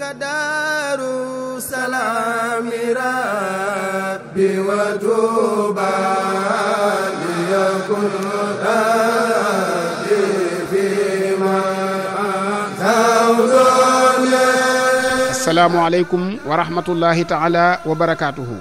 كدار سلام ربي وتوبى ليكن ربي فيما asalaamualeykum wa rahmatullahi taala wa barakaatuhu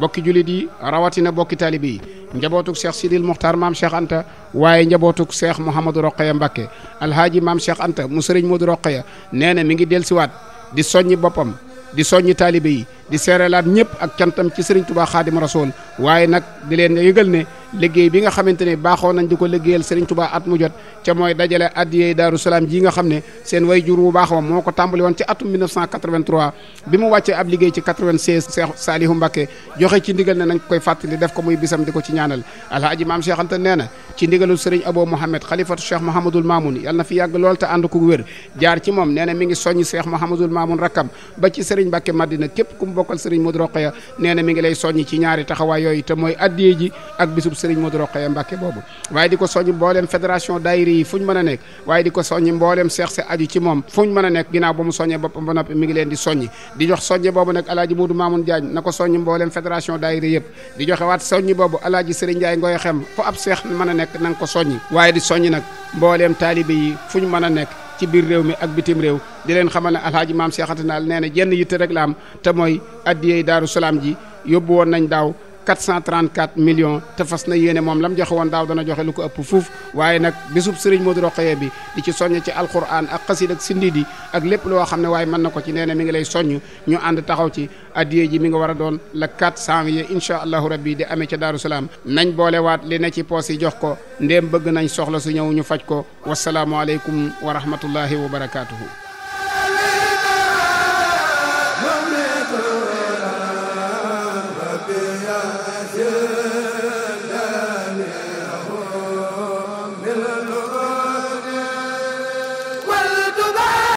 bokki jullit yi rawatina bokki taalibe yi njabootuk cheikh sidil muxtaar maam cheikh anta waaye njabootuk cheikh mouhamadou roqaya mbàkke alhaaji maam cheikh anta mu sëriñ moodu roqaya nee na mi ngi dellusiwaat di soññi boppam di soññi taalibe yi di seerelaat ñëpp ak cantam ci Serigne Touba Xaadimu Rasuul waaye nag di leen yëgal ne liggéey bi nga xamante ne baaxoo nañ di ko liggéeyal Serigne Touba at mu jot ca mooy dajale addiyey Daaru ji nga xam ne seen way jur bu baax wa moo ko tàmbali woon ci atum bi mu wàccee ab liggéey ci 96 Cheikh Salihu Mbacké joxe ci ndigal ne nañ koy fàttali def ko muy bisam di ko ci ñaanal alhaaji maam Cheikh Anta nee na ci ndigalul Serigne Abo Mouhamed xalifatu na bokkal Serigne Modou Rokhaya nee na mi ngi lay soññ ci ñaari taxawaay yooyu te mooy addiyee ak bisub Serigne Modou Rokhaya Mbacke boobu waaye di ko soññ mbooleem a seex se aju ci moom fuñ mën a nekk ginnaaw ba mu soññee boppam ba noppi mi ngi leen di soññ di jox soññe boobu nag alaaji Modou Mamoun Diagne na ko soññ mbooleem fédération daayira yëpp di joxewaat soññ boobu alaaji Serigne Ndiaye Ngoye Xem fu ab seex mën a nekk na ko soññ waaye di soññ nag mbooleem a ci biir réew mi ak bitim réew di leen xamal na alhaaji maam Cheikh Anta Tall nee na jenn yitte rek la am te mooy addiyey daaru salaam ji yóbbu woon nañ daaw 434 millions te fas na yéene moom lam joxe woon daaw dana joxe lu ko ëpp fuuf waaye nag bésub sëriñ Modou Rokhaya bi di ci soññ ci alquran ak xasid ak sindiidi ak lépp loo xam ne waaye mën na ko ci nee na mi ngi lay soññ ñu ànd taxaw ci addiye ji mi nga war a doon la 4 janvier incha allahu rabbi di ame ca Daaru Salaam nañ boolewaat li ne ci poos yi jox ko ndéem bëgg nañ soxla si ñëw ñu faj ko wasalaamualeykum wa rahmatullahi wa barakaatuhu